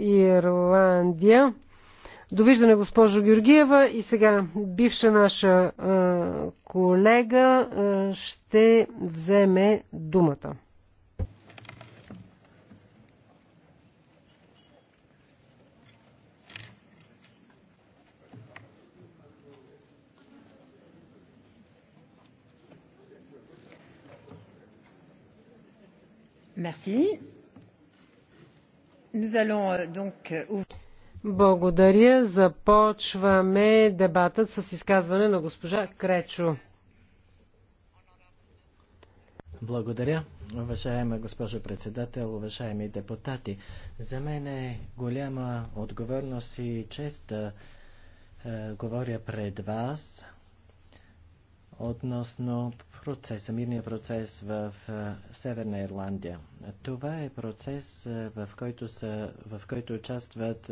Ирландия. Довиждане, госпожо Георгиева. И сега бивша наша колега ще вземе думата. Merci. Euh, euh, Благодаря. Започваме дебатът с изказване на госпожа Кречо. Благодаря, уважаема госпожа председател, уважаеми депутати. За мен е голяма отговорност и чест да е, говоря пред вас относно процеса, мирния процес в Северна Ирландия. Това е процес, в който, са, в който участват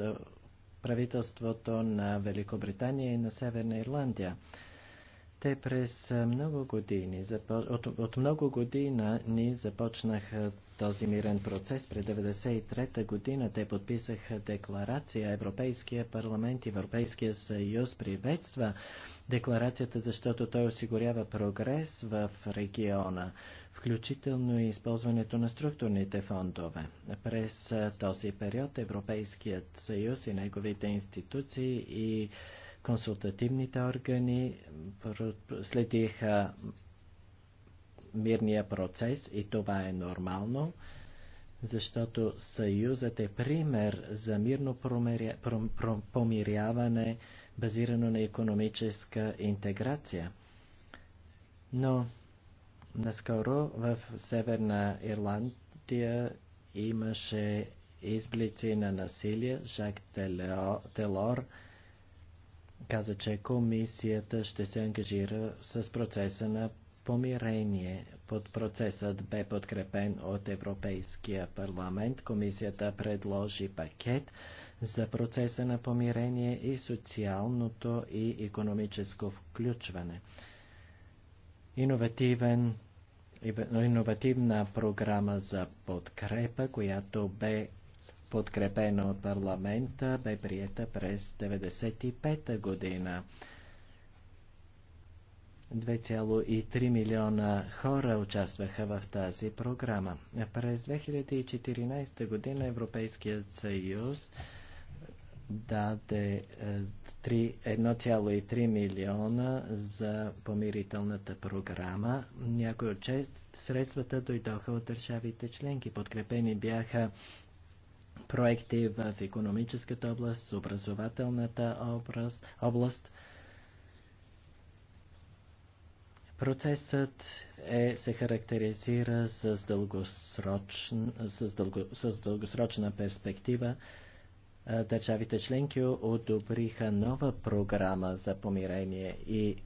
правителството на Великобритания и на Северна Ирландия. Те през много години, от, от много година ни започнаха този мирен процес. През 1993 година те подписаха декларация. Европейския парламент и Европейския съюз приветства декларацията, защото той осигурява прогрес в региона, включително и използването на структурните фондове. През този период Европейският съюз и неговите институции и консултативните органи следиха мирния процес и това е нормално, защото Съюзът е пример за мирно промиря... промиряване базирано на економическа интеграция. Но наскоро в Северна Ирландия имаше изблици на насилие. Жак Телор каза, че комисията ще се ангажира с процеса на помирение. Под процесът бе подкрепен от Европейския парламент. Комисията предложи пакет за процеса на помирение и социалното и економическо включване. Иновативен иновативна програма за подкрепа, която бе подкрепена от парламента, бе приета през 1995 година. 2,3 милиона хора участваха в тази програма. През 2014 година Европейският съюз даде 1,3 е, милиона за помирителната програма. Някои от средствата дойдоха от държавите членки. Подкрепени бяха проекти в економическата област, образователната област. област. Процесът е, се характеризира с, дългосрочн, с, дълго, с дългосрочна перспектива държавите членки одобриха нова програма за помирение и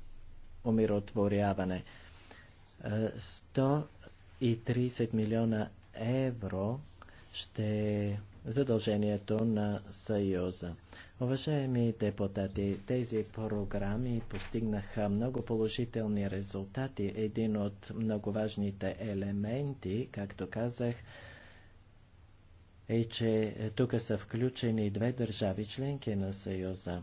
умиротворяване. 130 милиона евро ще е задължението на Съюза. Уважаеми депутати, тези програми постигнаха много положителни резултати. Един от много важните елементи, както казах, е, че е, тук са включени две държави членки на Съюза.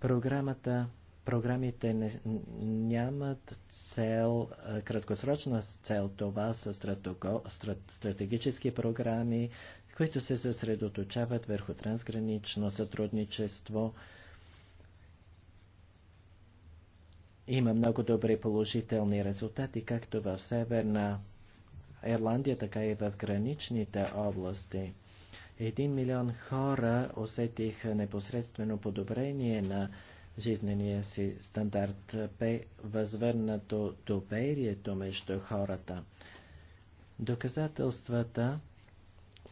Програмата програмите не, нямат цел, е, краткосрочна цел. Това са стратего, страт, стратегически програми, които се съсредоточават върху трансгранично сътрудничество. Има много добри положителни резултати, както в Северна Ирландия, така и в граничните области. Един милион хора усетиха непосредствено подобрение на жизнения си стандарт. П, възвърнато доверието между хората. Доказателствата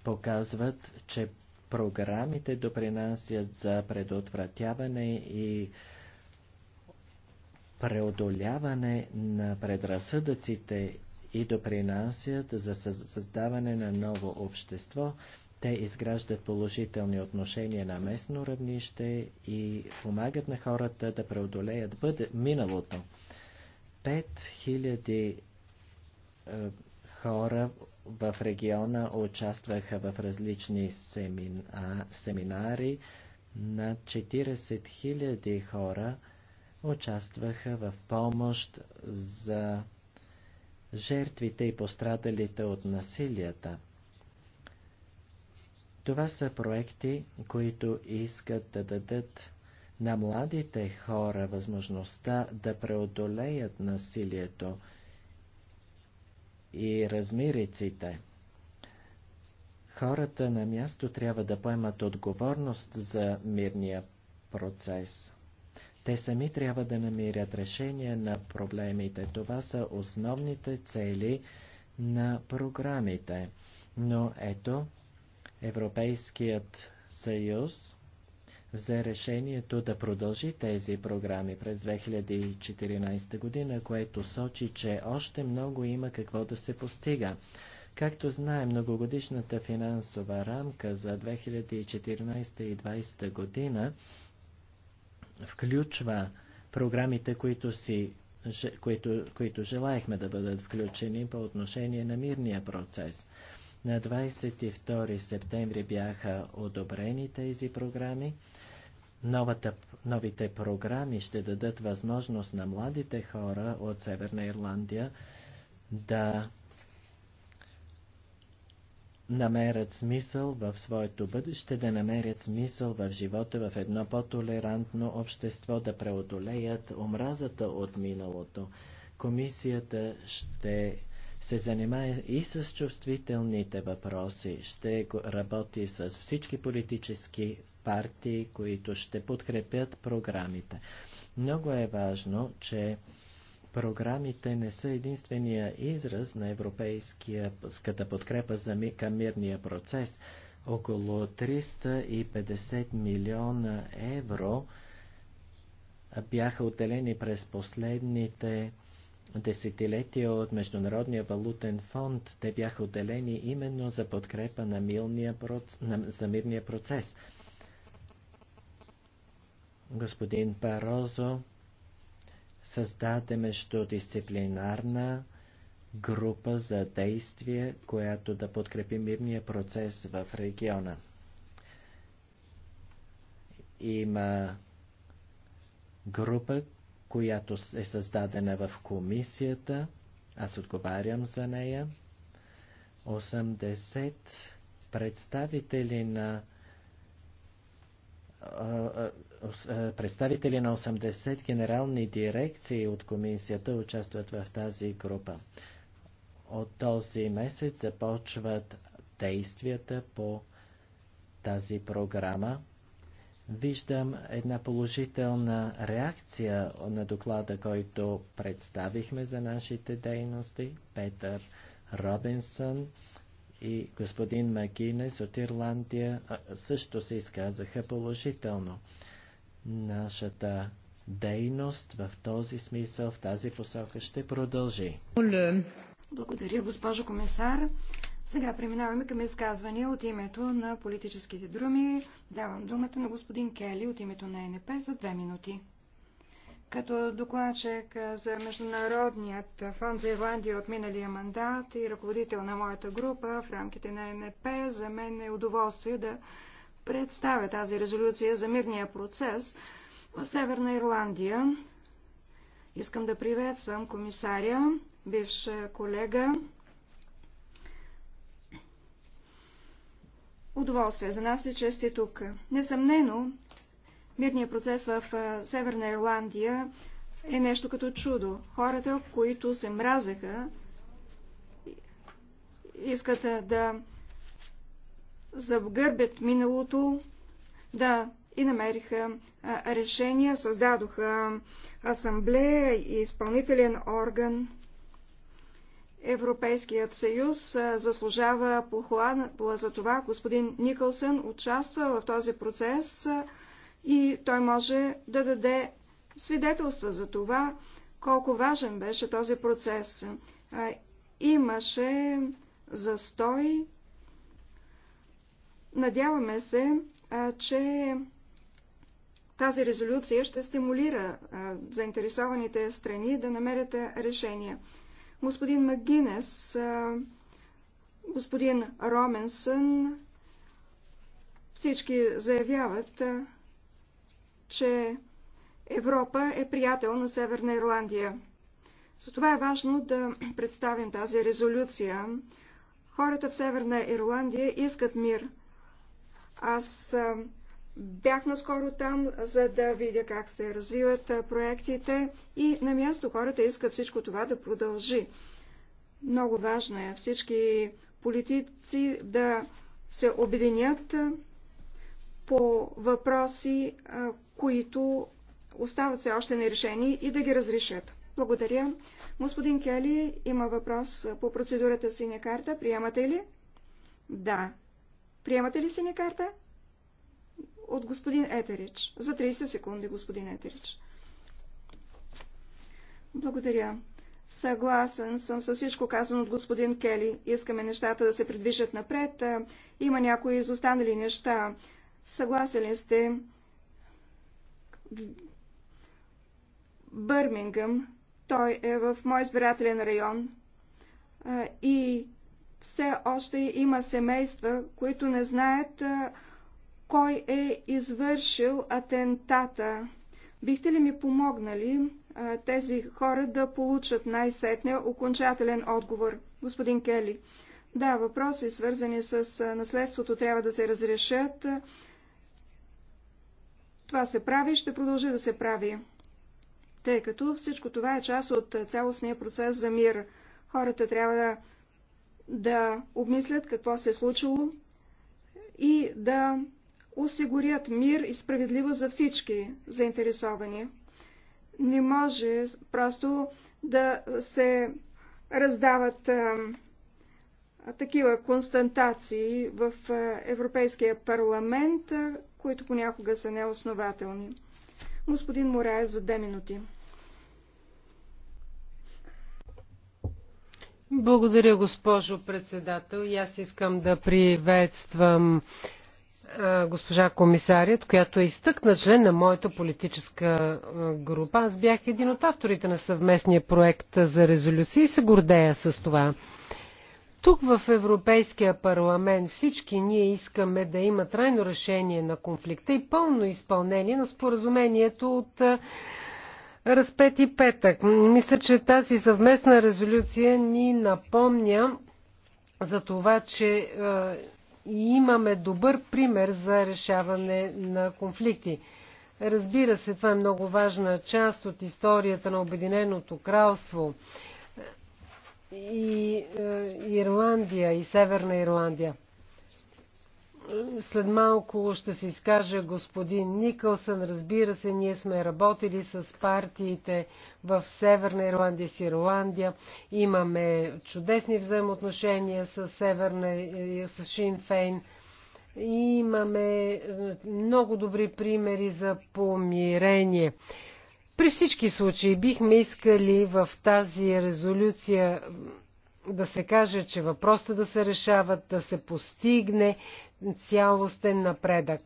показват, че програмите допринасят за предотвратяване и преодоляване на предразсъдъците и допринасят за създаване на ново общество, те изграждат положителни отношения на местно равнище и помагат на хората да преодолеят бъде, миналото. 5000 е, хора в региона участваха в различни семина, семинари. Над 40 000 хора участваха в помощ за жертвите и пострадалите от насилията. Това са проекти, които искат да дадат на младите хора възможността да преодолеят насилието и размириците. Хората на място трябва да поемат отговорност за мирния процес. Те сами трябва да намерят решение на проблемите. Това са основните цели на програмите. Но ето, Европейският съюз взе решението да продължи тези програми през 2014 година, което сочи, че още много има какво да се постига. Както знаем, многогодишната финансова рамка за 2014 и 2020 година включва програмите, които, си, които, които желаехме да бъдат включени по отношение на мирния процес. На 22 септември бяха одобрени тези програми. Новата, новите програми ще дадат възможност на младите хора от Северна Ирландия да намерят смисъл в своето бъдеще, да намерят смисъл в живота в едно по-толерантно общество, да преодолеят омразата от миналото. Комисията ще се занимае и с чувствителните въпроси. Ще работи с всички политически партии, които ще подкрепят програмите. Много е важно, че програмите не са единствения израз на европейската подкрепа за ми, към мирния процес. Около 350 милиона евро бяха отделени през последните десетилетия от Международния валутен фонд те бяха отделени именно за подкрепа на, милния проц... на... за мирния процес. Господин Парозо създаде междудисциплинарна група за действие, която да подкрепи мирния процес в региона. Има група, която е създадена в комисията. Аз отговарям за нея. 80 представители на представители на 80 генерални дирекции от комисията участват в тази група. От този месец започват действията по тази програма виждам една положителна реакция на доклада, който представихме за нашите дейности. Петър Робинсън и господин Магинес от Ирландия също се изказаха положително. Нашата дейност в този смисъл, в тази посока ще продължи. Благодаря, госпожо комисар. Сега преминаваме към изказвания от името на политическите друми. Давам думата на господин Кели от името на НП за две минути. Като докладчик за Международният фонд за Ирландия от миналия мандат и ръководител на моята група в рамките на НП, за мен е удоволствие да представя тази резолюция за мирния процес в Северна Ирландия. Искам да приветствам комисаря, бивш колега Удоволствие за нас е, че сте тук. Несъмнено, мирният процес в Северна Ирландия е нещо като чудо. Хората, които се мразеха, искат да завгърбят миналото, да и намериха решения, създадоха асамблея и изпълнителен орган. Европейският съюз заслужава похвала за това. Господин Никълсън участва в този процес и той може да даде свидетелства за това, колко важен беше този процес. Имаше застой. Надяваме се, че тази резолюция ще стимулира заинтересованите страни да намерят решения господин Магинес, господин Роменсън, всички заявяват, че Европа е приятел на Северна Ирландия. Затова е важно да представим тази резолюция. Хората в Северна Ирландия искат мир. Аз Бях наскоро там, за да видя как се развиват проектите и на място хората искат всичко това да продължи. Много важно е всички политици да се обединят по въпроси, които остават все още нерешени и да ги разрешат. Благодаря. Господин Кели има въпрос по процедурата синя карта. Приемате ли? Да. Приемате ли синя карта? от господин Етерич. За 30 секунди, господин Етерич. Благодаря. Съгласен съм с всичко казано от господин Кели. Искаме нещата да се придвижат напред. Има някои изостанали неща. Съгласен ли сте? Бърмингъм. Той е в мой избирателен район. И все още има семейства, които не знаят кой е извършил атентата. Бихте ли ми помогнали а, тези хора да получат най-сетне окончателен отговор? Господин Кели. Да, въпроси, свързани с наследството, трябва да се разрешат. Това се прави и ще продължи да се прави, тъй като всичко това е част от цялостния процес за мир. Хората трябва да, да обмислят какво се е случило и да осигурят мир и справедливо за всички заинтересовани. Не може просто да се раздават а, такива констатации в а, Европейския парламент, а, които понякога са неоснователни. Господин Морая за две минути. Благодаря, госпожо председател. И аз искам да приветствам е, госпожа комисарят, която е изтъкна член на моята политическа е, група. Аз бях един от авторите на съвместния проект за резолюции и се гордея с това. Тук в Европейския парламент всички ние искаме да има трайно решение на конфликта и пълно изпълнение на споразумението от е, разпет и петък. Мисля, че тази съвместна резолюция ни напомня за това, че и имаме добър пример за решаване на конфликти. Разбира се, това е много важна част от историята на Обединеното кралство и е, Ирландия и Северна Ирландия. След малко ще се изкаже господин Никълсън. Разбира се, ние сме работили с партиите в Северна Ирландия и Ирландия. Имаме чудесни взаимоотношения с Северна и с Шинфейн. Имаме е, много добри примери за помирение. При всички случаи бихме искали в тази резолюция да се каже, че въпросите да се решават, да се постигне цялостен напредък.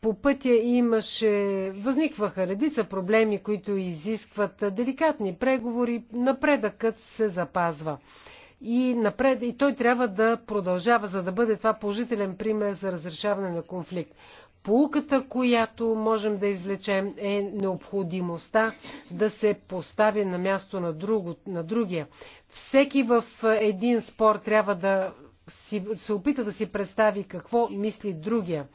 По пътя имаше, възникваха редица проблеми, които изискват деликатни преговори, напредъкът се запазва. И, напред, и той трябва да продължава, за да бъде това положителен пример за разрешаване на конфликт. Полуката, която можем да извлечем е необходимостта да се постави на място на, друго, на другия. Всеки в един спор трябва да си, се опита да си представи какво мисли другия.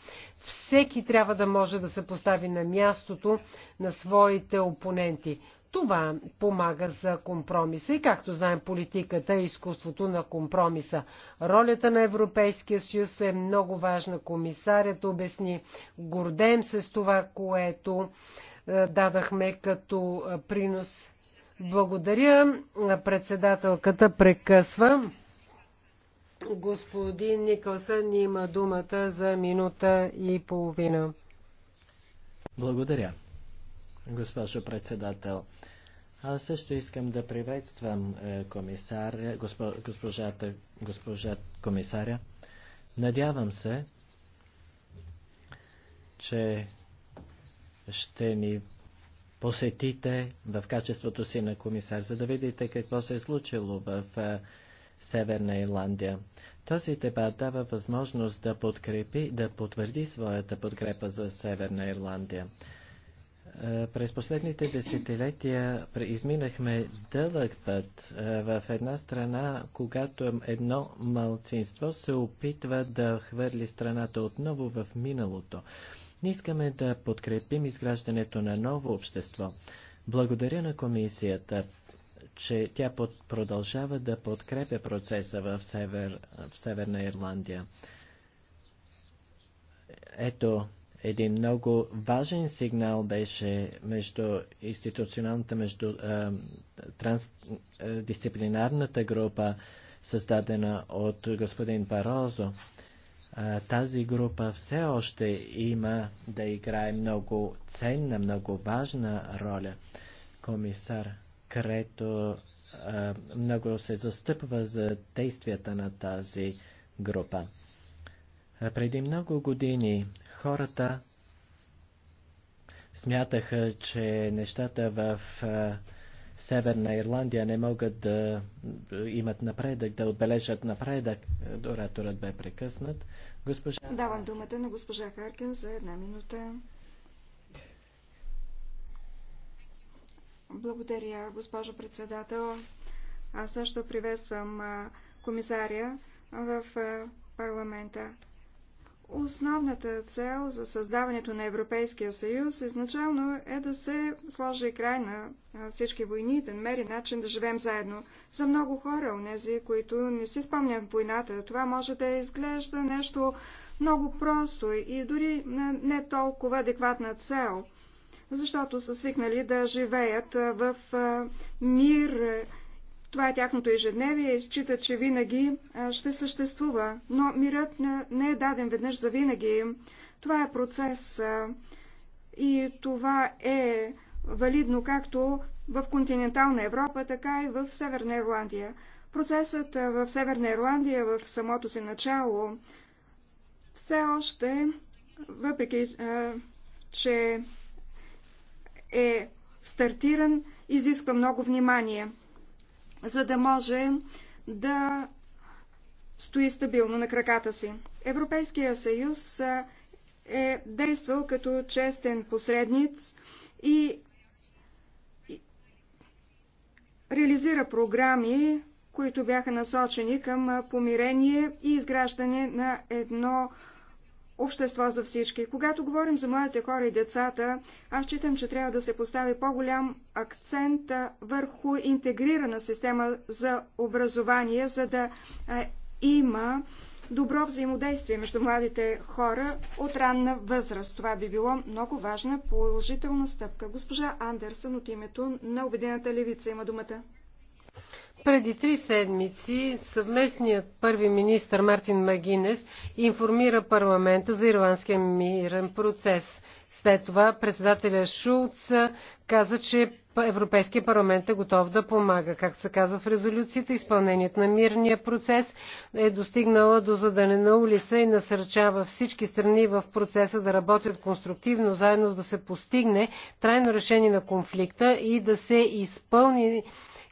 Всеки трябва да може да се постави на мястото на своите опоненти. Това помага за компромиса и както знаем политиката е изкуството на компромиса. Ролята на Европейския съюз е много важна. Комисарят обясни. Гордеем се с това, което е, дадахме като е, принос. Благодаря. Председателката прекъсва. Господин Никълсън има думата за минута и половина. Благодаря госпожо председател. Аз също искам да приветствам е, комисаря, госпо, госпожата, госпожа комисаря. Надявам се, че ще ни посетите в качеството си на комисар, за да видите какво се е случило в е, Северна Ирландия. Този дебат дава възможност да подкрепи, да потвърди своята подкрепа за Северна Ирландия. Е, през последните десетилетия изминахме дълъг път е, в една страна, когато едно малцинство се опитва да хвърли страната отново в миналото. Ние искаме да подкрепим изграждането на ново общество. Благодаря на комисията, че тя под, продължава да подкрепя процеса в, север, в Северна Ирландия. Ето, един много важен сигнал беше между институционалната, между е, трансдисциплинарната група, създадена от господин Барозо. Е, тази група все още има да играе много ценна, много важна роля. Комисар Крето е, много се застъпва за действията на тази група. Преди много години Хората смятаха, че нещата в Северна Ирландия не могат да имат напредък, да отбележат напредък. Ораторът бе прекъснат. Госпожа... Давам думата на госпожа Харкин за една минута. Благодаря, госпожо председател. Аз също приветствам комисаря в парламента. Основната цел за създаването на Европейския съюз изначално е да се сложи край на всички войни и да намери начин да живеем заедно. За много хора, онези, които не си спомнят войната, това може да изглежда нещо много просто и дори не толкова адекватна цел, защото са свикнали да живеят в мир това е тяхното ежедневие и считат, че винаги ще съществува. Но мирът не е даден веднъж за винаги. Това е процес и това е валидно както в континентална Европа, така и в Северна Ирландия. Процесът в Северна Ирландия в самото си начало все още, въпреки че е стартиран, изисква много внимание за да може да стои стабилно на краката си. Европейския съюз е действал като честен посредниц и реализира програми, които бяха насочени към помирение и изграждане на едно общество за всички. Когато говорим за младите хора и децата, аз считам, че трябва да се постави по-голям акцент върху интегрирана система за образование, за да има добро взаимодействие между младите хора от ранна възраст. Това би било много важна положителна стъпка. Госпожа Андерсън от името на Обединената левица има думата. Преди три седмици съвместният първи министр Мартин Магинес информира парламента за ирландския мирен процес. След това председателя Шулц каза, че Европейския парламент е готов да помага. Както се казва в резолюцията, изпълнението на мирния процес е достигнала до на улица и насърчава всички страни в процеса да работят конструктивно, заедно с да се постигне трайно решение на конфликта и да се изпълни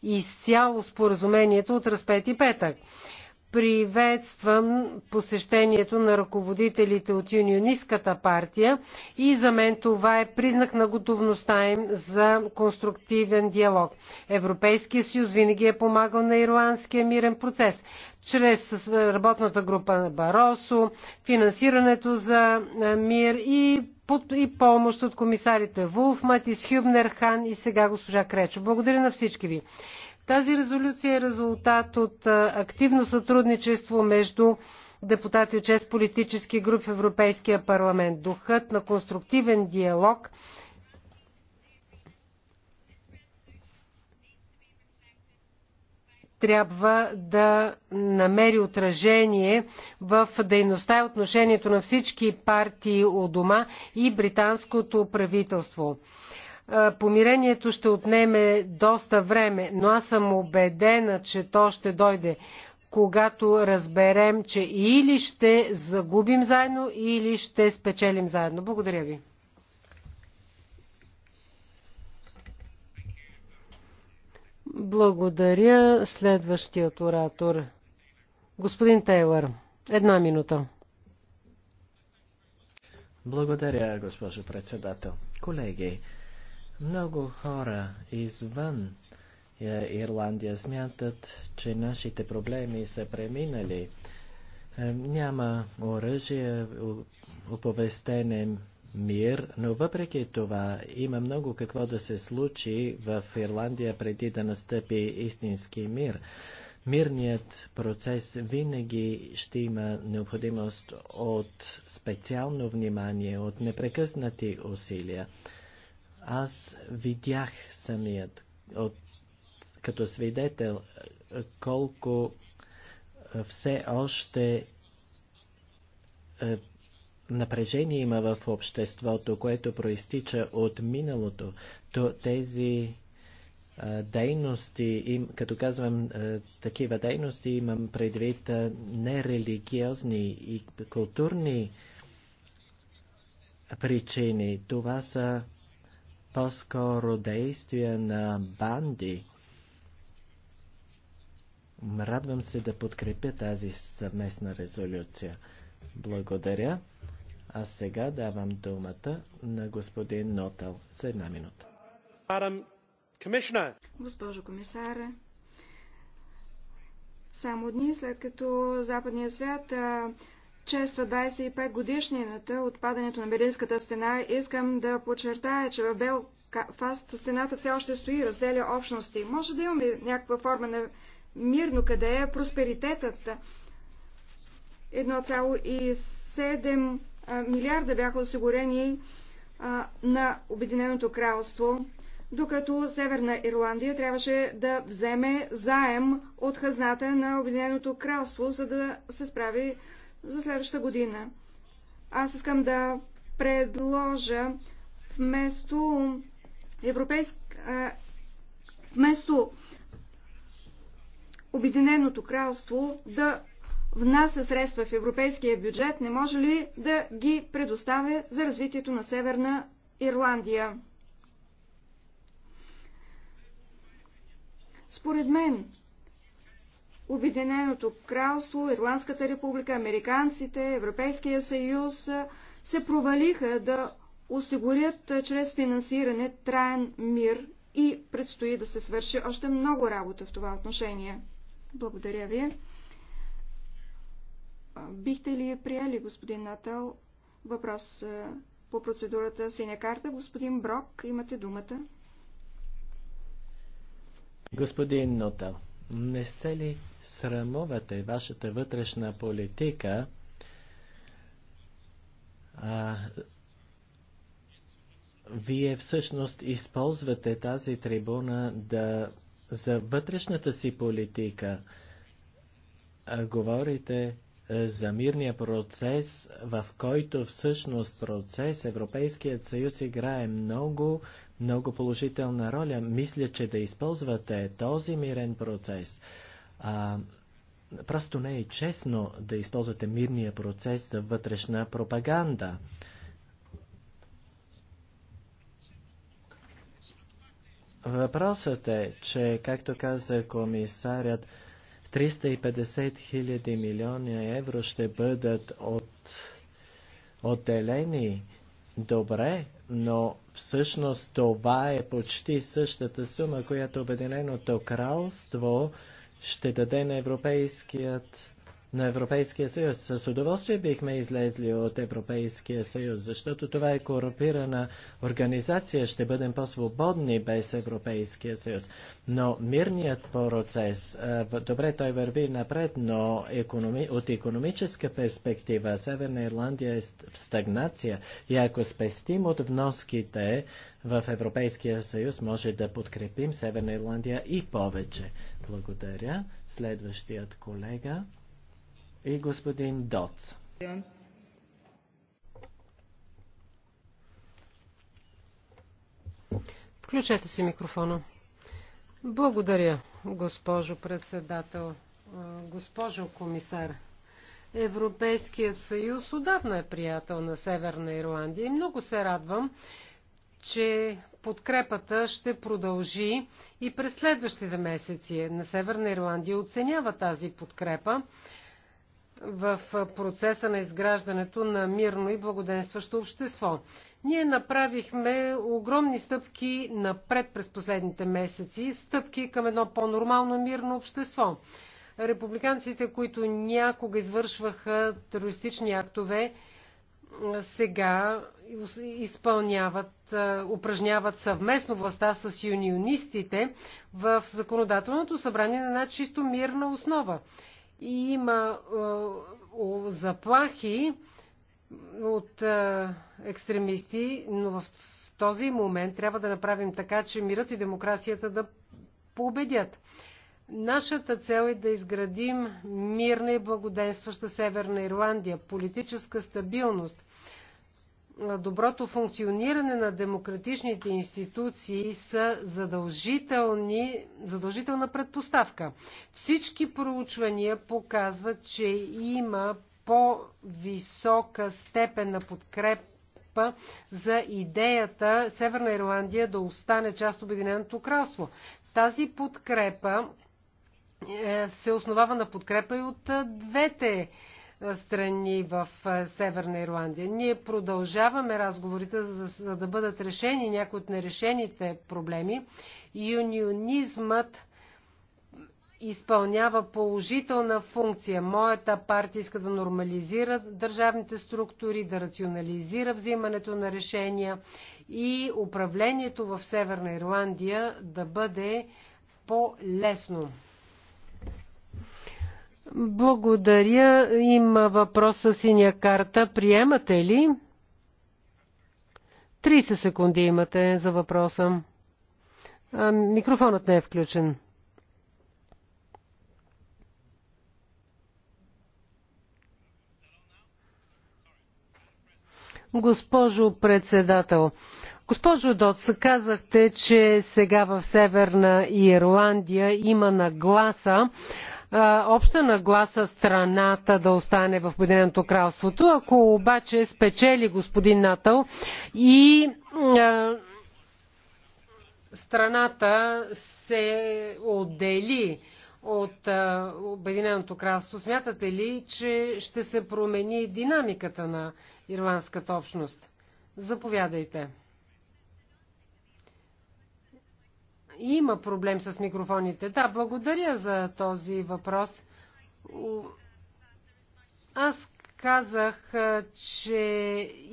изцяло споразумението от разпети петък. Приветствам посещението на ръководителите от Юнионистката партия и за мен това е признак на готовността им за конструктивен диалог. Европейския съюз винаги е помагал на ирландския мирен процес чрез работната група на Баросо, финансирането за мир и и помощ от комисарите Вулф, Матис Хюбнер, Хан и сега госпожа Кречо. Благодаря на всички ви. Тази резолюция е резултат от активно сътрудничество между депутати от 6 политически групи в Европейския парламент. Духът на конструктивен диалог трябва да намери отражение в дейността и отношението на всички партии у дома и британското правителство. Е, помирението ще отнеме доста време, но аз съм убедена, че то ще дойде, когато разберем, че или ще загубим заедно, или ще спечелим заедно. Благодаря ви. Благодаря. Следващият оратор. Господин Тейлър, една минута. Благодаря, госпожо председател. Колеги, много хора извън е, Ирландия смятат, че нашите проблеми са преминали. Е, няма оръжие, Оповестене мир, но въпреки това има много какво да се случи в Ирландия преди да настъпи истински мир. Мирният процес винаги ще има необходимост от специално внимание, от непрекъснати усилия. Аз видях самият, от, като свидетел, колко все още е, напрежение има в обществото, което проистича от миналото, то тези дейности, им, като казвам такива дейности, имам предвид нерелигиозни и културни причини. Това са по-скоро действия на банди. Радвам се да подкрепя тази съвместна резолюция. Благодаря. А сега давам думата на господин Нотал за една минута. Госпожо комисаре, само дни след като западния свят чества 25 годишнината от падането на Берлинската стена, искам да подчертая, че в Белфаст стената все още стои, разделя общности. Може да имаме някаква форма на мирно, къде е просперитетът. 1,7 милиарда бяха осигурени на Обединеното кралство, докато Северна Ирландия трябваше да вземе заем от хазната на Обединеното кралство, за да се справи за следващата година. Аз искам да предложа вместо европейск вместо Обединеното кралство да внася средства в европейския бюджет, не може ли да ги предоставя за развитието на Северна Ирландия? Според мен, Обединеното кралство, Ирландската република, американците, Европейския съюз се провалиха да осигурят чрез финансиране траен мир и предстои да се свърши още много работа в това отношение. Благодаря ви. Бихте ли я приели, господин Натал? Въпрос по процедурата синя карта. Господин Брок, имате думата. Господин Нотал, не се ли срамувате вашата вътрешна политика а, вие всъщност използвате тази трибуна да за вътрешната си политика а, говорите за мирния процес, в който всъщност процес Европейският съюз играе много, много положителна роля. Мисля, че да използвате този мирен процес. А, просто не е честно да използвате мирния процес за вътрешна пропаганда. Въпросът е, че, както каза комисарят, 350 хиляди милиона евро ще бъдат от, отделени. Добре, но всъщност това е почти същата сума, която Обединеното кралство ще даде на Европейският на Европейския съюз. С удоволствие бихме излезли от Европейския съюз, защото това е корупирана организация. Ще бъдем по-свободни без Европейския съюз. Но мирният процес, добре, той върви напред, но економи, от економическа перспектива Северна Ирландия е в стагнация и ако спестим от вноските в Европейския съюз, може да подкрепим Северна Ирландия и повече. Благодаря. Следващият колега и господин Доц. Включете си микрофона. Благодаря, госпожо председател. Госпожо комисар, Европейският съюз отдавна е приятел на Северна Ирландия и много се радвам, че подкрепата ще продължи и през следващите месеци. На Северна Ирландия оценява тази подкрепа в процеса на изграждането на мирно и благоденстващо общество. Ние направихме огромни стъпки напред през последните месеци, стъпки към едно по-нормално мирно общество. Републиканците, които някога извършваха терористични актове, сега изпълняват, упражняват съвместно властта с юнионистите в законодателното събрание на една чисто мирна основа и има е, заплахи от е, екстремисти, но в този момент трябва да направим така, че мирът и демокрацията да победят. Нашата цел е да изградим мирна и благоденстваща Северна Ирландия, политическа стабилност, доброто функциониране на демократичните институции са задължителни, задължителна предпоставка. Всички проучвания показват, че има по-висока степен на подкрепа за идеята Северна Ирландия да остане част от Обединеното кралство. Тази подкрепа е, се основава на подкрепа и от двете страни в Северна Ирландия. Ние продължаваме разговорите, за, за да бъдат решени някои от нерешените проблеми. Юнионизмът изпълнява положителна функция. Моята партия иска да нормализира държавните структури, да рационализира взимането на решения и управлението в Северна Ирландия да бъде по-лесно. Благодаря. Има въпрос с синя карта. Приемате ли? 30 секунди имате за въпроса. Микрофонът не е включен. Госпожо председател, госпожо Доц, казахте, че сега в Северна Ирландия има нагласа обща нагласа страната да остане в Обединеното кралството. Ако обаче спечели господин Натъл и страната се отдели от Обединеното кралство, смятате ли, че ще се промени динамиката на ирландската общност? Заповядайте. Има проблем с микрофоните. Да, благодаря за този въпрос. Аз казах, че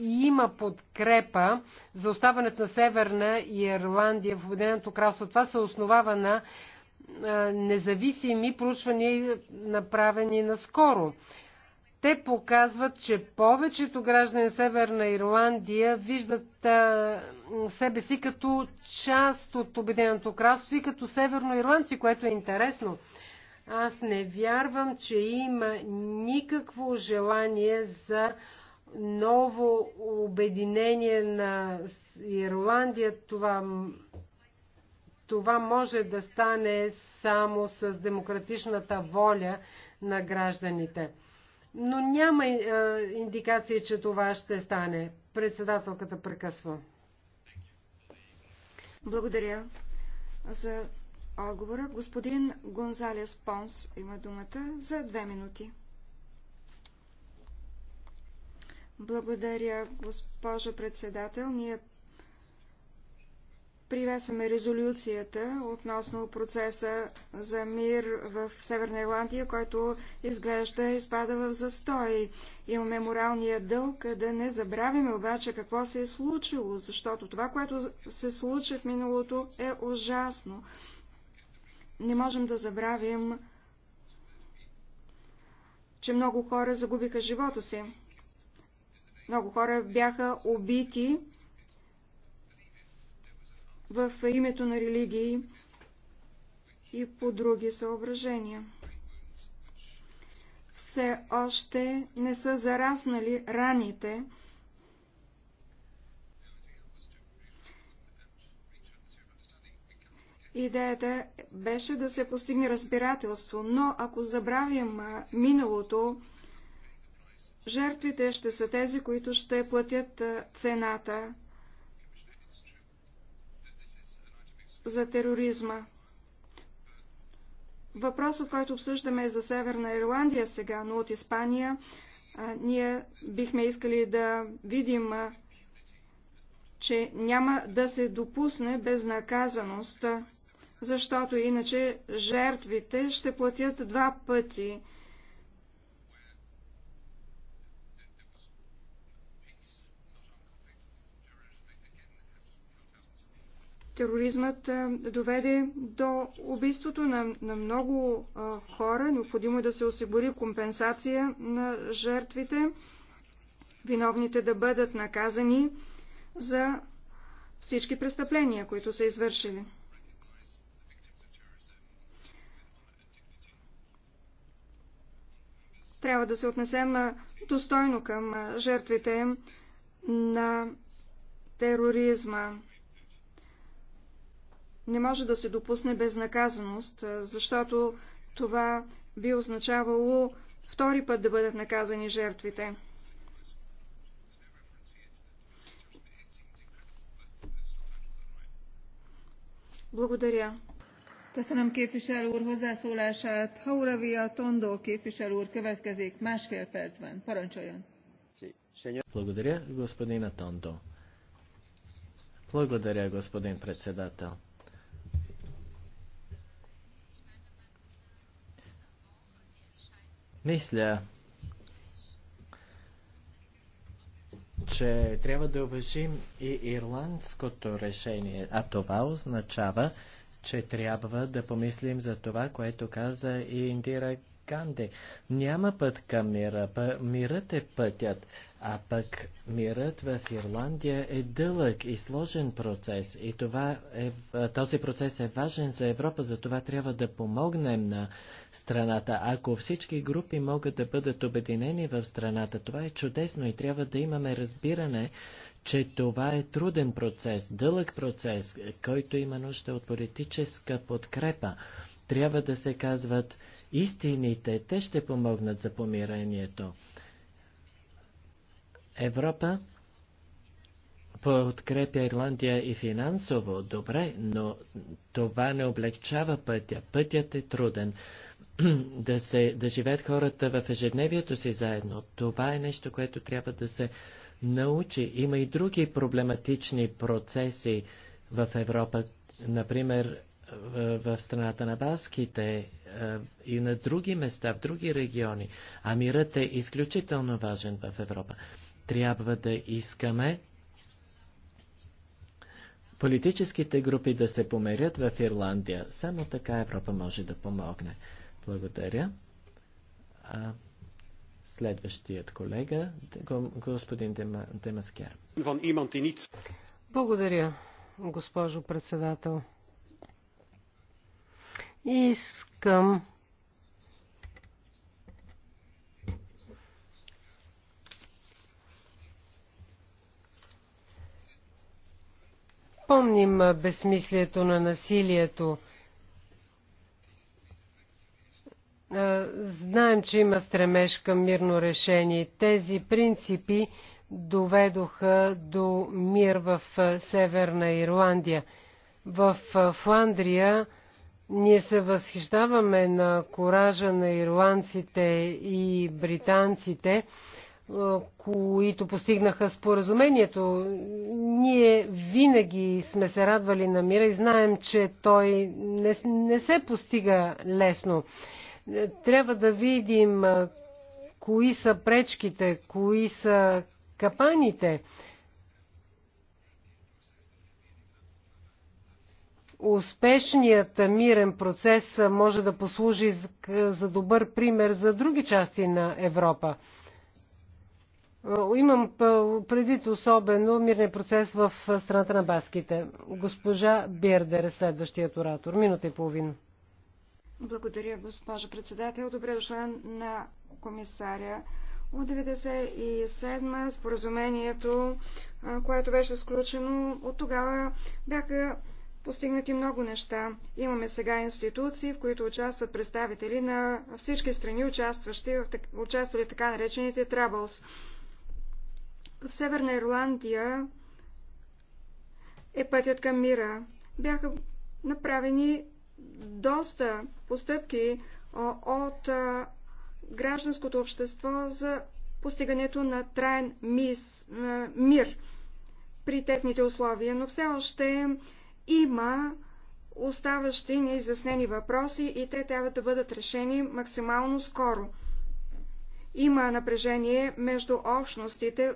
има подкрепа за оставането на Северна Ирландия в Обединеното кралство. Това се основава на независими проучвания, направени наскоро. Те показват, че повечето граждани Северна Ирландия виждат а, себе си като част от Обединеното кралство и като северноирландци, което е интересно. Аз не вярвам, че има никакво желание за ново обединение на Ирландия. Това, това може да стане само с демократичната воля на гражданите но няма е, индикации, че това ще стане. Председателката прекъсва. Благодаря за отговора. Господин Гонзалес Понс има думата за две минути. Благодаря, госпожо председател. Ние Приветстваме резолюцията относно процеса за мир в Северна Ирландия, който изглежда изпада в застой. Имаме моралния дълг да не забравяме обаче какво се е случило, защото това, което се случи в миналото е ужасно. Не можем да забравим, че много хора загубиха живота си. Много хора бяха убити в името на религии и по други съображения. Все още не са зараснали раните, Идеята беше да се постигне разбирателство, но ако забравим миналото, жертвите ще са тези, които ще платят цената за тероризма. Въпросът, който обсъждаме е за Северна Ирландия сега, но от Испания а, ние бихме искали да видим, а, че няма да се допусне безнаказаност, защото иначе жертвите ще платят два пъти тероризмът е, доведе до убийството на, на много е, хора. Необходимо е да се осигури компенсация на жертвите, виновните да бъдат наказани за всички престъпления, които са извършили. Трябва да се отнесем е, достойно към жертвите на тероризма не може да се допусне безнаказаност, защото това би означавало втори път да бъдат наказани жертвите. Благодаря. Köszönöm képviselő úr hozzászólását. Hauravia Tondó képviselő úr következik másfél percben. Parancsoljon. Благодаря, господин Тондо. Благодаря, господин председател. Мисля, че трябва да уважим и ирландското решение, а това означава, че трябва да помислим за това, което каза и Индира Канде. Няма път към мира. Мирът е пътят. А пък мирът в Ирландия е дълъг и сложен процес. И това е, този процес е важен за Европа, за това трябва да помогнем на страната. Ако всички групи могат да бъдат обединени в страната, това е чудесно и трябва да имаме разбиране, че това е труден процес, дълъг процес, който има нужда от политическа подкрепа трябва да се казват истините. Те ще помогнат за помирението. Европа подкрепя Ирландия и финансово, добре, но това не облегчава пътя. Пътят е труден. да, се, да живеят хората в ежедневието си заедно, това е нещо, което трябва да се научи. Има и други проблематични процеси в Европа, например в страната на Баските е, и на други места, в други региони, а мирът е изключително важен в Европа. Трябва да искаме политическите групи да се померят в Ирландия. Само така Европа може да помогне. Благодаря. А следващият колега, господин Демаскер. Благодаря, госпожо председател. Искам Помним безсмислието на насилието. Знаем, че има стремеж към мирно решение. Тези принципи доведоха до мир в Северна Ирландия. В Фландрия ние се възхищаваме на коража на ирландците и британците, е, които постигнаха споразумението. Ние винаги сме се радвали на мира и знаем, че той не, не се постига лесно. Трябва да видим кои са пречките, кои са капаните. Успешният мирен процес може да послужи за добър пример за други части на Европа. Имам предвид особено мирния процес в страната на баските. Госпожа Бердер е следващият оратор. Минута и половина. Благодаря, госпожа председател. Добре дошла на комисаря. От 1997 споразумението, което беше сключено, от тогава бяха постигнати много неща. Имаме сега институции, в които участват представители на всички страни, участващи участвали в така наречените Траблс. В Северна Ирландия е пътят към мира. Бяха направени доста постъпки от гражданското общество за постигането на траен мис, мир при техните условия, но все още има оставащи неизяснени въпроси и те трябва да бъдат решени максимално скоро. Има напрежение между общностите,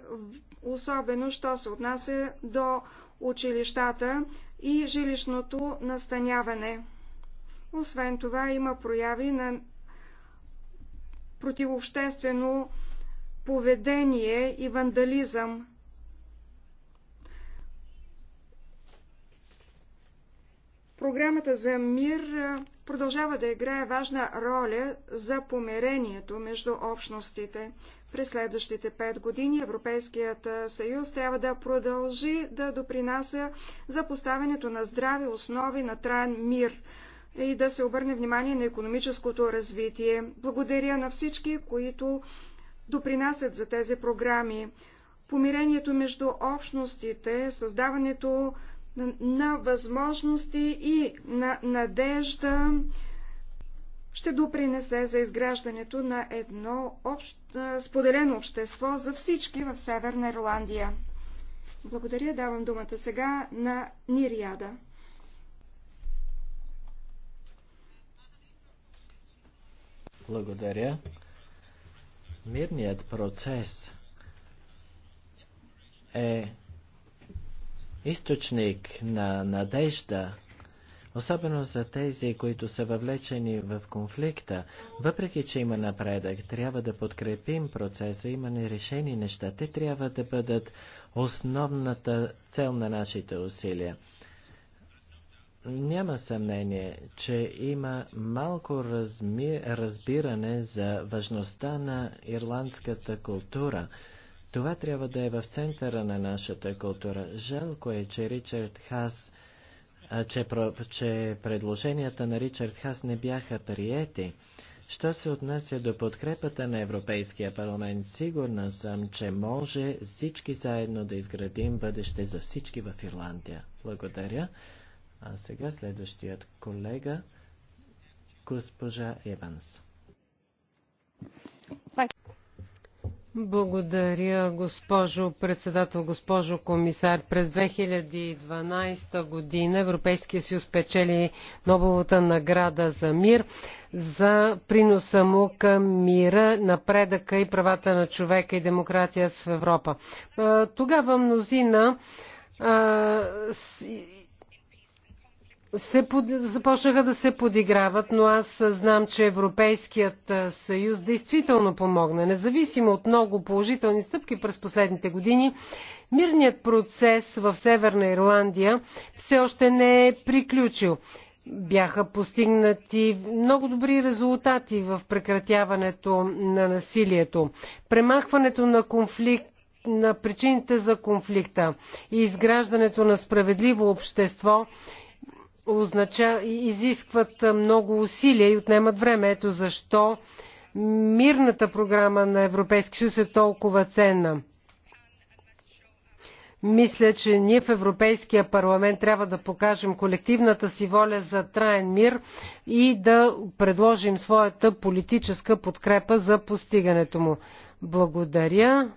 особено що се отнася до училищата и жилищното настаняване. Освен това има прояви на противообществено поведение и вандализъм. Програмата за мир продължава да играе важна роля за помирението между общностите. През следващите пет години Европейският съюз трябва да продължи да допринася за поставянето на здрави основи на траен мир и да се обърне внимание на економическото развитие. Благодаря на всички, които допринасят за тези програми. Помирението между общностите, създаването на възможности и на надежда ще допринесе за изграждането на едно общ, споделено общество за всички в Северна Ирландия. Благодаря, давам думата сега на Нирияда. Благодаря. Мирният процес е източник на надежда, особено за тези, които са въвлечени в конфликта. Въпреки, че има напредък, трябва да подкрепим процеса, има нерешени неща. Те трябва да бъдат основната цел на нашите усилия. Няма съмнение, че има малко разми... разбиране за важността на ирландската култура – това трябва да е в центъра на нашата култура. Жалко е, че Ричард Хас, че, че предложенията на Ричард Хас не бяха приети. Що се отнася до подкрепата на Европейския парламент, сигурна съм, че може всички заедно да изградим бъдеще за всички в Ирландия. Благодаря. А сега следващият колега, госпожа Еванс. Благодаря, госпожо председател, госпожо комисар. През 2012 година Европейския съюз печели Нобелата награда за мир за приноса му към мира, напредъка и правата на човека и демократия в Европа. Тогава мнозина се под... започнаха да се подиграват, но аз знам, че Европейският съюз действително помогна. Независимо от много положителни стъпки през последните години, мирният процес в Северна Ирландия все още не е приключил. Бяха постигнати много добри резултати в прекратяването на насилието. Премахването на конфликт на причините за конфликта и изграждането на справедливо общество означа, изискват много усилия и отнемат време. Ето защо мирната програма на Европейски съюз е толкова ценна. Мисля, че ние в Европейския парламент трябва да покажем колективната си воля за траен мир и да предложим своята политическа подкрепа за постигането му. Благодаря.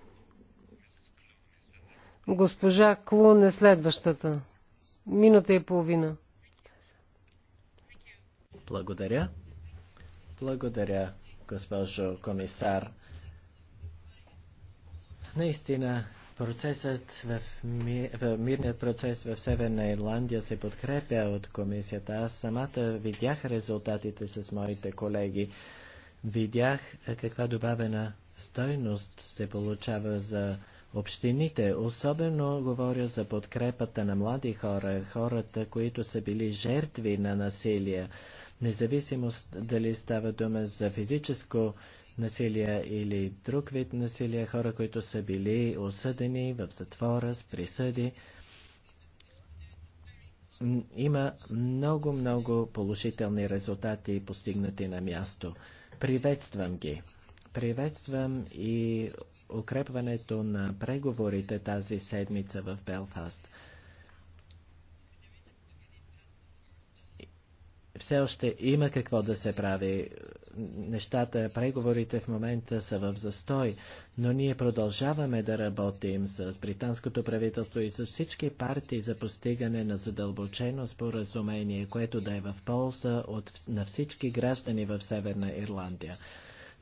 Госпожа Клун е следващата. Минута и половина. Благодаря. Благодаря, госпожо комисар. Наистина, процесът в, ми, в мирният процес в Северна Ирландия се подкрепя от комисията. Аз самата видях резултатите с моите колеги. Видях каква добавена стойност се получава за общините. Особено говоря за подкрепата на млади хора, хората, които са били жертви на насилие независимост дали става дума за физическо насилие или друг вид насилие, хора, които са били осъдени в затвора с присъди. Има много-много положителни резултати, постигнати на място. Приветствам ги. Приветствам и укрепването на преговорите тази седмица в Белфаст. все още има какво да се прави. Нещата, преговорите в момента са в застой, но ние продължаваме да работим с британското правителство и с всички партии за постигане на задълбочено споразумение, което да е в полза от, на всички граждани в Северна Ирландия.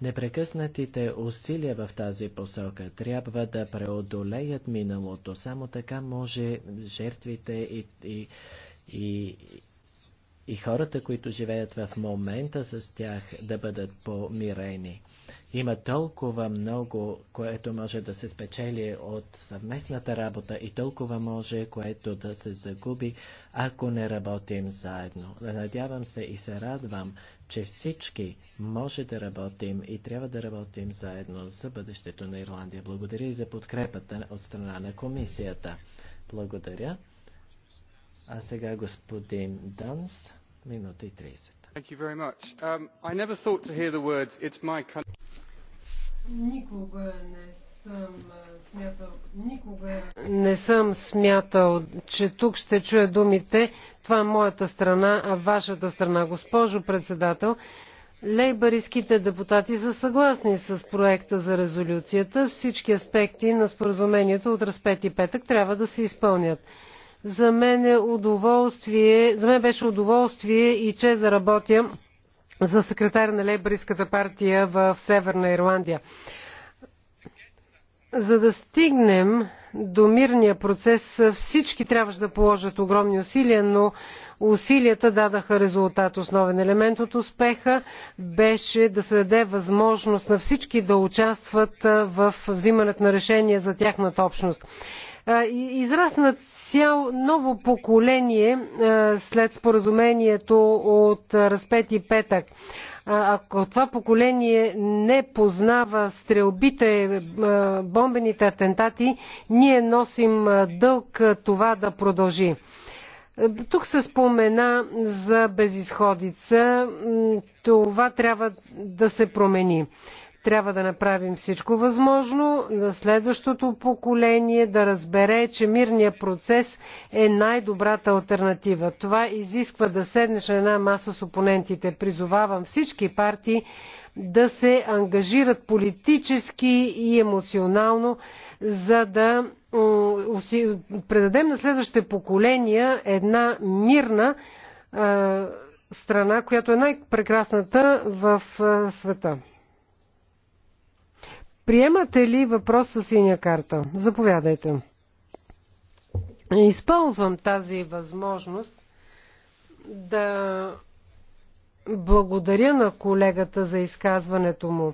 Непрекъснатите усилия в тази посока трябва да преодолеят миналото. Само така може жертвите и, и, и, и хората, които живеят в момента с тях, да бъдат помирени. Има толкова много, което може да се спечели от съвместната работа и толкова може, което да се загуби, ако не работим заедно. Надявам се и се радвам, че всички може да работим и трябва да работим заедно за бъдещето на Ирландия. Благодаря и за подкрепата от страна на комисията. Благодаря. А сега господин Данс, минута и 30. Um, никога не съм смятал, никога не съм смятал, че тук ще чуя думите това е моята страна, а вашата страна. Госпожо председател, лейбаристските депутати са съгласни с проекта за резолюцията. Всички аспекти на споразумението от разпет и петък трябва да се изпълнят. За мен, е удоволствие, за мен беше удоволствие и че да работя за секретар на Лейбористската партия в Северна Ирландия. За да стигнем до мирния процес всички трябваше да положат огромни усилия, но усилията дадаха резултат. Основен елемент от успеха беше да се даде възможност на всички да участват в взимането на решения за тяхната общност израсна цяло ново поколение след споразумението от разпети петък. Ако това поколение не познава стрелбите, бомбените атентати, ние носим дълг това да продължи. Тук се спомена за безисходица. Това трябва да се промени. Трябва да направим всичко възможно на следващото поколение да разбере, че мирният процес е най-добрата альтернатива. Това изисква да седнеш на една маса с опонентите. Призовавам всички партии да се ангажират политически и емоционално, за да предадем на следващите поколения една мирна страна, която е най-прекрасната в света. Приемате ли въпрос с синя карта? Заповядайте. Използвам тази възможност да благодаря на колегата за изказването му.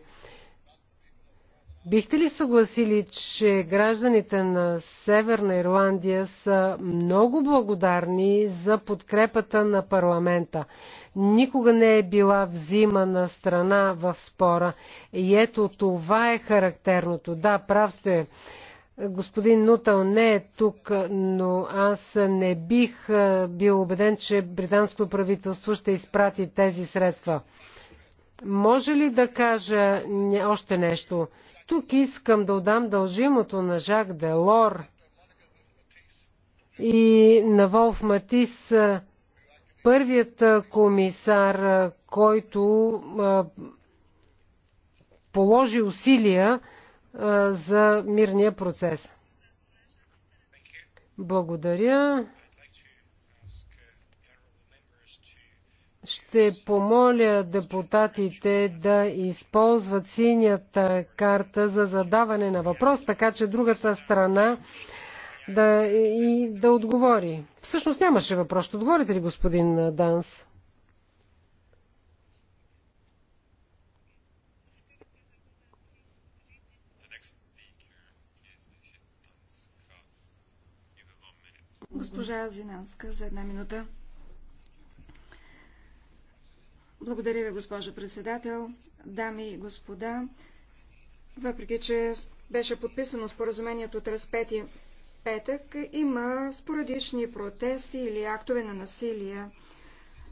Бихте ли съгласили, че гражданите на Северна Ирландия са много благодарни за подкрепата на парламента? Никога не е била взимана страна в спора. И ето това е характерното. Да, прав сте. Господин Нутъл не е тук, но аз не бих бил убеден, че британското правителство ще изпрати тези средства. Може ли да кажа още нещо? Тук искам да отдам дължимото на Жак Делор и на Волф Матис, първият комисар, който положи усилия за мирния процес. Благодаря. Ще помоля депутатите да използват синята карта за задаване на въпрос, така че другата страна да, и да отговори. Всъщност нямаше въпрос. Ще отговорите ли, господин Данс? Госпожа Зинанска за една минута. Благодаря ви, госпожо председател, дами и господа. Въпреки, че беше подписано споразумението от разпети петък, има спорадични протести или актове на насилие.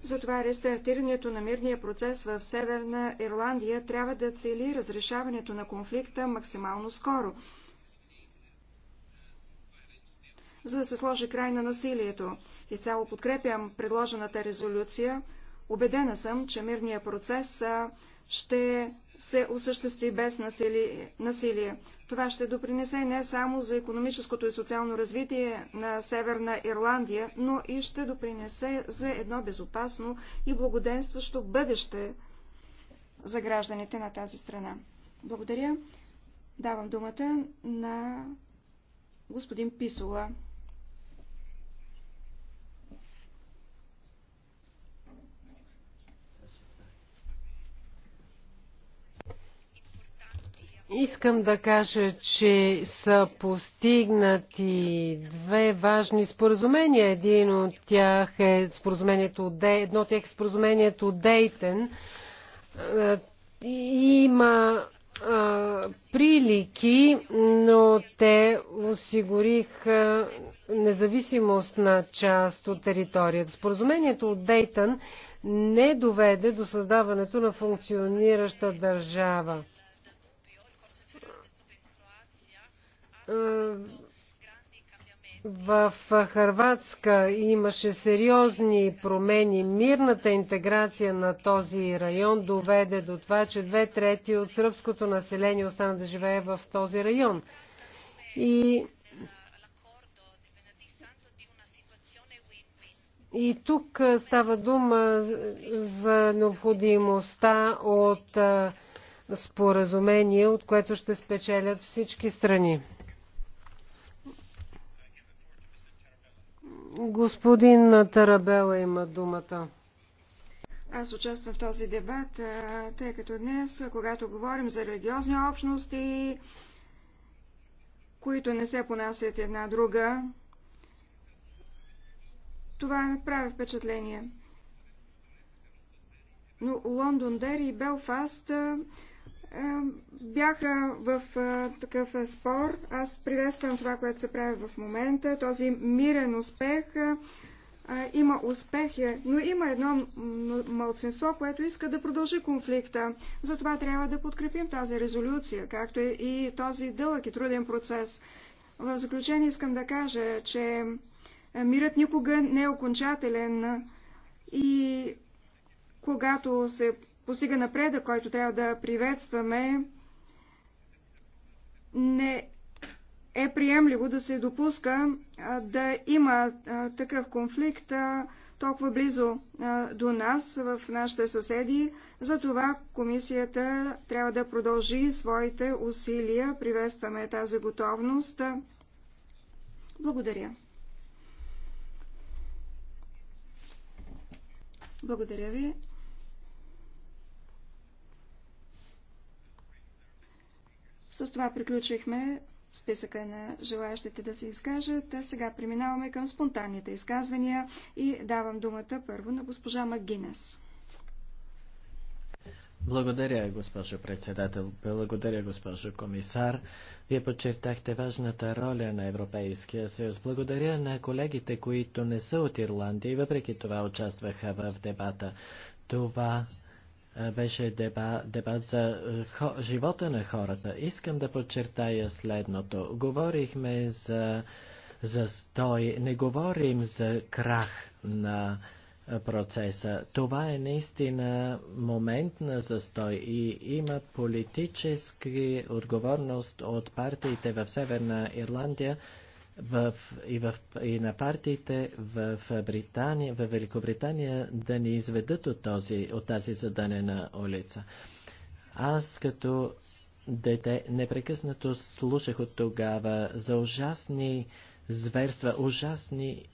Затова рестартирането на мирния процес в Северна Ирландия трябва да цели разрешаването на конфликта максимално скоро, за да се сложи край на насилието. И цяло подкрепям предложената резолюция, Обедена съм, че мирният процес ще се осъществи без насилие. насилие. Това ще допринесе не само за економическото и социално развитие на Северна Ирландия, но и ще допринесе за едно безопасно и благоденстващо бъдеще за гражданите на тази страна. Благодаря. Давам думата на господин Писола. Искам да кажа, че са постигнати две важни споразумения. Един от тях е споразумението, едно от тях е споразумението Дейтен. Е, има прилики, но те осигуриха независимост на част от територията. Споразумението от Дейтън не доведе до създаването на функционираща държава. Е, в Харватска имаше сериозни промени. Мирната интеграция на този район доведе до това, че две трети от сръбското население остана да живее в този район. И, и тук е, става дума за необходимостта от е, споразумение, от което ще спечелят всички страни. Господин Тарабела има думата. Аз участвам в този дебат, тъй като днес, когато говорим за религиозни общности, които не се понасят една друга, това прави впечатление. Но Лондон, Дери и Белфаст бяха в такъв спор. Аз приветствам това, което се прави в момента, този мирен успех. Има успехи, но има едно мълцинство, което иска да продължи конфликта. Затова трябва да подкрепим тази резолюция, както и този дълъг и труден процес. В заключение искам да кажа, че мирът никога не е окончателен и когато се постига напреда, който трябва да приветстваме, не е приемливо да се допуска да има такъв конфликт толкова близо до нас, в нашите съседи. Затова комисията трябва да продължи своите усилия. Приветстваме тази готовност. Благодаря. Благодаря ви. С това приключихме списъка на желаящите да се изкажат. Сега преминаваме към спонтанните изказвания и давам думата първо на госпожа Магинес. Благодаря, госпожо председател. Благодаря, госпожо комисар. Вие подчертахте важната роля на Европейския съюз. Благодаря на колегите, които не са от Ирландия и въпреки това участваха в дебата. Това е, беше деба, дебат за е, хо, живота на хората. Искам да подчертая следното. Говорихме за застой, не говорим за крах на е, процеса. Това е наистина момент на застой и има политически отговорност от партиите в Северна Ирландия в, и, в, и на партиите в, Британия, в Великобритания да ни изведат от, този, от тази задънена улица. Аз като дете непрекъснато слушах от тогава за ужасни зверства, ужасни,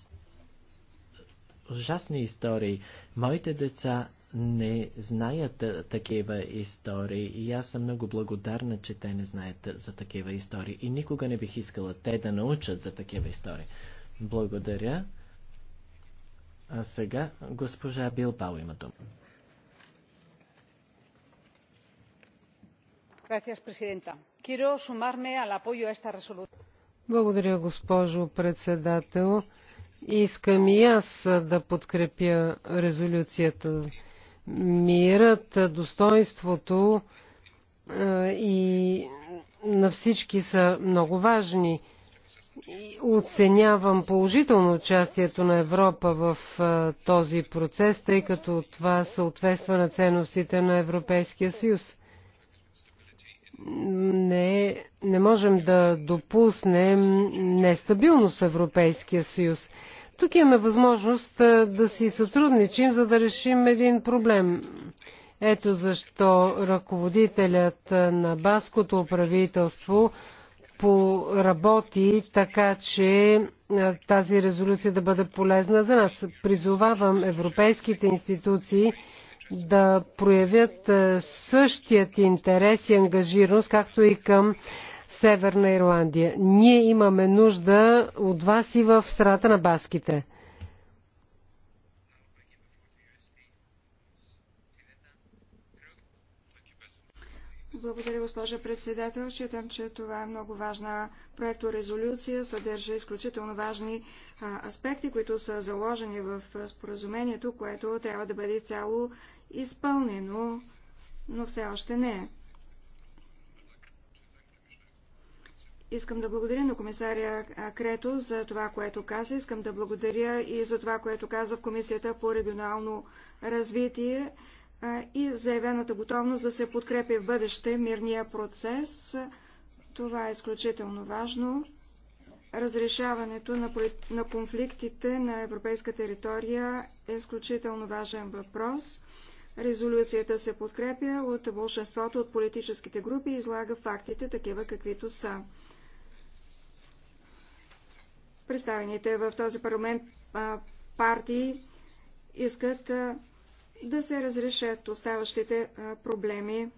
ужасни истории. Моите деца не знаят такива истории и аз съм много благодарна, че те не знаят за такива истории и никога не бих искала те да научат за такива истории. Благодаря. А сега госпожа Билбао има дума. Благодаря, госпожо председател. Искам и аз да подкрепя резолюцията мирът, достоинството и на всички са много важни. Оценявам положително участието на Европа в този процес, тъй като това съответства на ценностите на Европейския съюз. Не, не можем да допуснем нестабилност в Европейския съюз. Тук имаме възможност да си сътрудничим, за да решим един проблем. Ето защо ръководителят на баското правителство поработи така, че тази резолюция да бъде полезна за нас. Призовавам европейските институции да проявят същият интерес и ангажираност, както и към Северна Ирландия. Ние имаме нужда от вас и в страната на баските. Благодаря, госпожа председател. Считам, че това е много важна проекторезолюция. Съдържа изключително важни а, аспекти, които са заложени в споразумението, което трябва да бъде цяло изпълнено, но все още не е. Искам да благодаря на комисаря Крето за това, което каза. Искам да благодаря и за това, което каза в Комисията по регионално развитие и заявената готовност да се подкрепи в бъдеще мирния процес. Това е изключително важно. Разрешаването на, конфликтите на европейска територия е изключително важен въпрос. Резолюцията се подкрепя от большинството от политическите групи и излага фактите такива каквито са представените в този парламент партии искат да се разрешат оставащите проблеми.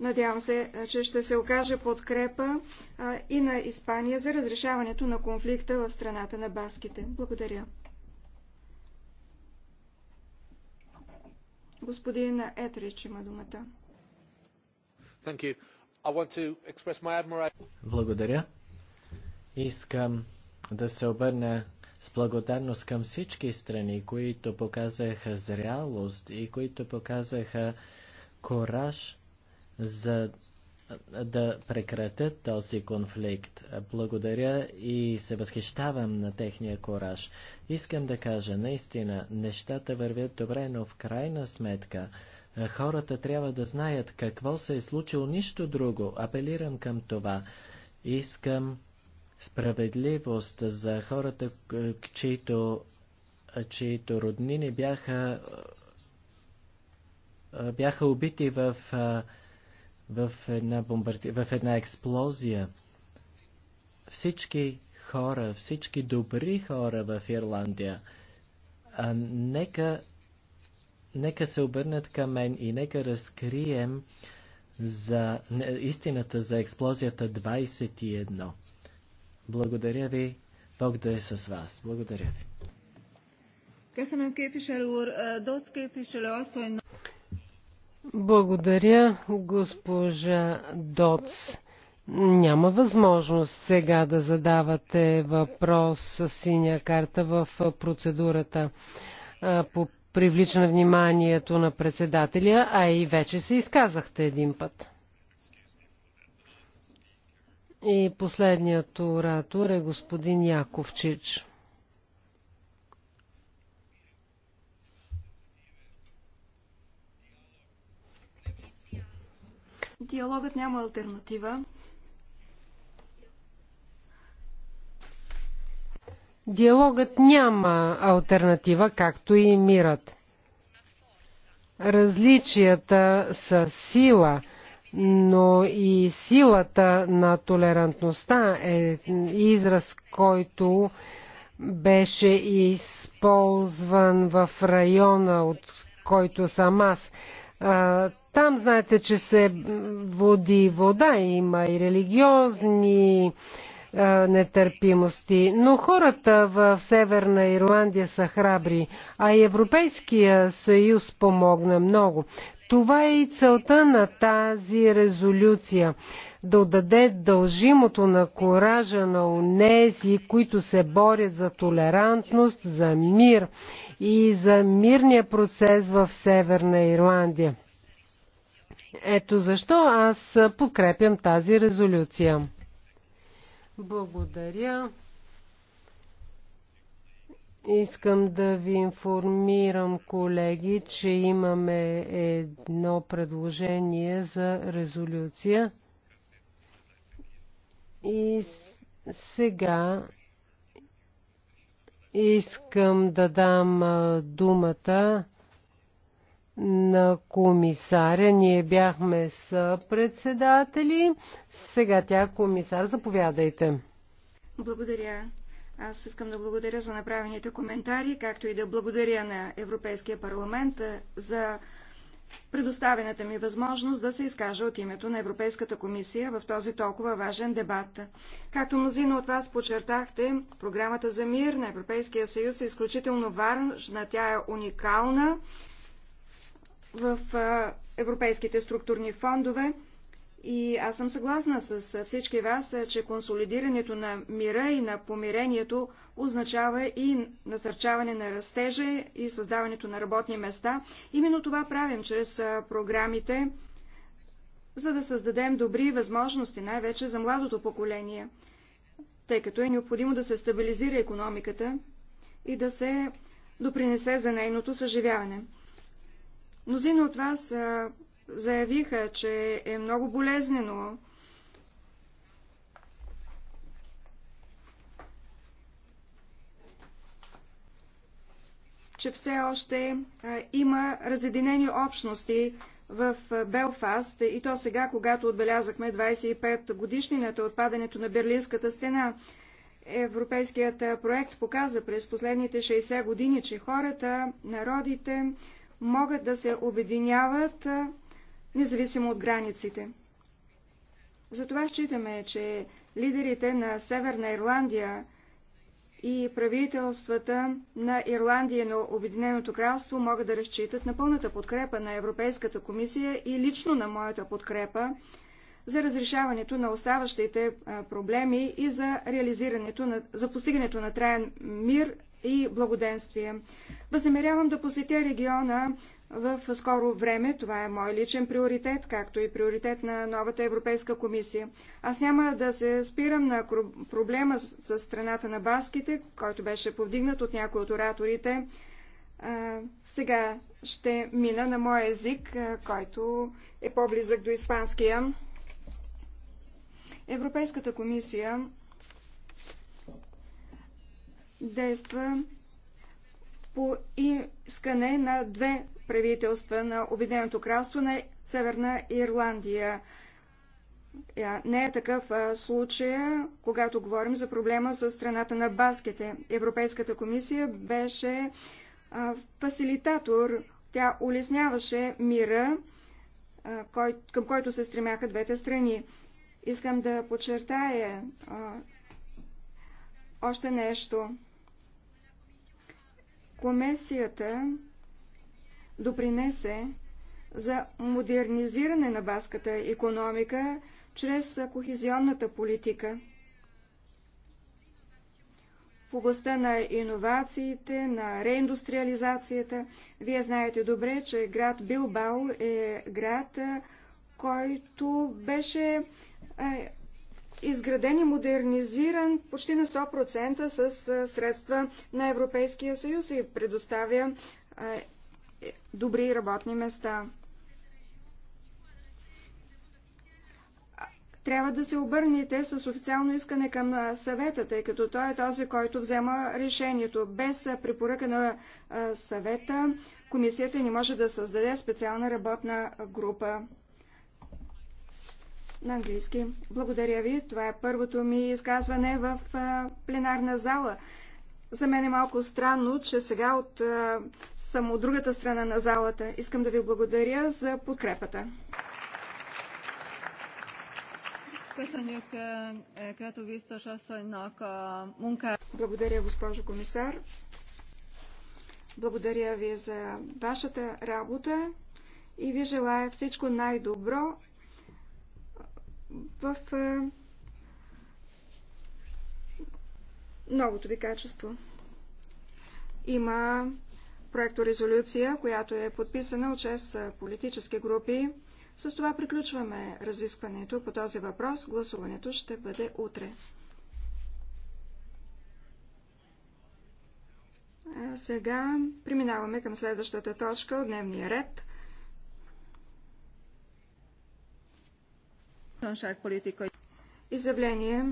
Надявам се, че ще се окаже подкрепа и на Испания за разрешаването на конфликта в страната на баските. Благодаря. Господин Етрич има думата. Thank you. Благодаря. Искам да се обърна с благодарност към всички страни, които показаха зрялост и които показаха кораж за да прекратят този конфликт. Благодаря и се възхищавам на техния кораж. Искам да кажа, наистина, нещата вървят добре, но в крайна сметка е, хората трябва да знаят какво се е случило, нищо друго. Апелирам към това. Искам справедливост за хората, чието, чието роднини бяха, бяха убити в, в, една бомбарди... в една експлозия. Всички хора, всички добри хора в Ирландия, а, нека нека се обърнат към мен и нека разкрием за не, истината за експлозията 21. Благодаря ви. Бог да е с вас. Благодаря ви. Е, Благодаря, госпожа Доц. Няма възможност сега да задавате въпрос с синя карта в процедурата е, по привлича вниманието на председателя, а и вече се изказахте един път. И последният оратор е господин Яковчич. Диалогът няма альтернатива. Диалогът няма альтернатива, както и мирът. Различията са сила, но и силата на толерантността е израз, който беше използван в района, от който съм аз. Там знаете, че се води вода, има и религиозни е, нетърпимости. Но хората в Северна Ирландия са храбри, а и Европейския съюз помогна много. Това е и целта на тази резолюция да отдаде дължимото на коража на унези, които се борят за толерантност, за мир и за мирния процес в Северна Ирландия. Ето защо аз подкрепям тази резолюция. Благодаря. Искам да ви информирам, колеги, че имаме едно предложение за резолюция. И сега искам да дам думата на комисаря. Ние бяхме с председатели. Сега тя комисар. Заповядайте. Благодаря. Аз искам да благодаря за направените коментари, както и да благодаря на Европейския парламент за предоставената ми възможност да се изкажа от името на Европейската комисия в този толкова важен дебат. Както мнозина от вас подчертахте, програмата за мир на Европейския съюз е изключително важна, тя е уникална в европейските структурни фондове. И аз съм съгласна с всички вас, че консолидирането на мира и на помирението означава и насърчаване на растежа и създаването на работни места. Именно това правим чрез програмите, за да създадем добри възможности, най-вече за младото поколение, тъй като е необходимо да се стабилизира економиката и да се допринесе за нейното съживяване. Мнозина от вас заявиха, че е много болезнено че все още има разединени общности в Белфаст и то сега, когато отбелязахме 25 годишнината от падането на Берлинската стена. Европейският проект показа през последните 60 години, че хората, народите, могат да се обединяват независимо от границите. Затова считаме, че лидерите на Северна Ирландия и правителствата на Ирландия и на Обединеното кралство могат да разчитат на пълната подкрепа на Европейската комисия и лично на моята подкрепа за разрешаването на оставащите проблеми и за, реализирането на, за постигането на траен мир и благоденствие. Възнамерявам да посетя региона в скоро време. Това е мой личен приоритет, както и приоритет на новата Европейска комисия. Аз няма да се спирам на проблема с страната на баските, който беше повдигнат от някои от ораторите. Сега ще мина на моя език, който е по-близък до испанския. Европейската комисия действа по искане на две правителства на Обединеното кралство на Северна Ирландия. Е, не е такъв случай, когато говорим за проблема с страната на баските. Европейската комисия беше фасилитатор. Тя улесняваше мира, към който се стремяха двете страни. Искам да подчертая още нещо. Комисията допринесе за модернизиране на баската економика чрез кохезионната политика. В областта на иновациите, на реиндустриализацията, вие знаете добре, че град Билбао е град, който беше е, изграден и модернизиран почти на 100% с средства на Европейския съюз и предоставя е, добри работни места. Трябва да се обърнете с официално искане към съвета, тъй като той е този, който взема решението. Без препоръка на съвета, комисията не може да създаде специална работна група на английски. Благодаря ви. Това е първото ми изказване в пленарна зала. За мен е малко странно, че сега от съм от другата страна на залата искам да ви благодаря за подкрепата. Благодаря, госпожо комисар. Благодаря ви за вашата работа и ви желая всичко най-добро в новото ви качество. Има проекторезолюция, която е подписана от 6 политически групи. С това приключваме разискването по този въпрос. Гласуването ще бъде утре. Сега преминаваме към следващата точка от дневния ред – Изявление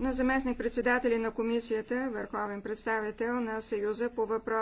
на заместник председатели на комисията, върховен представител на Съюза по въпрос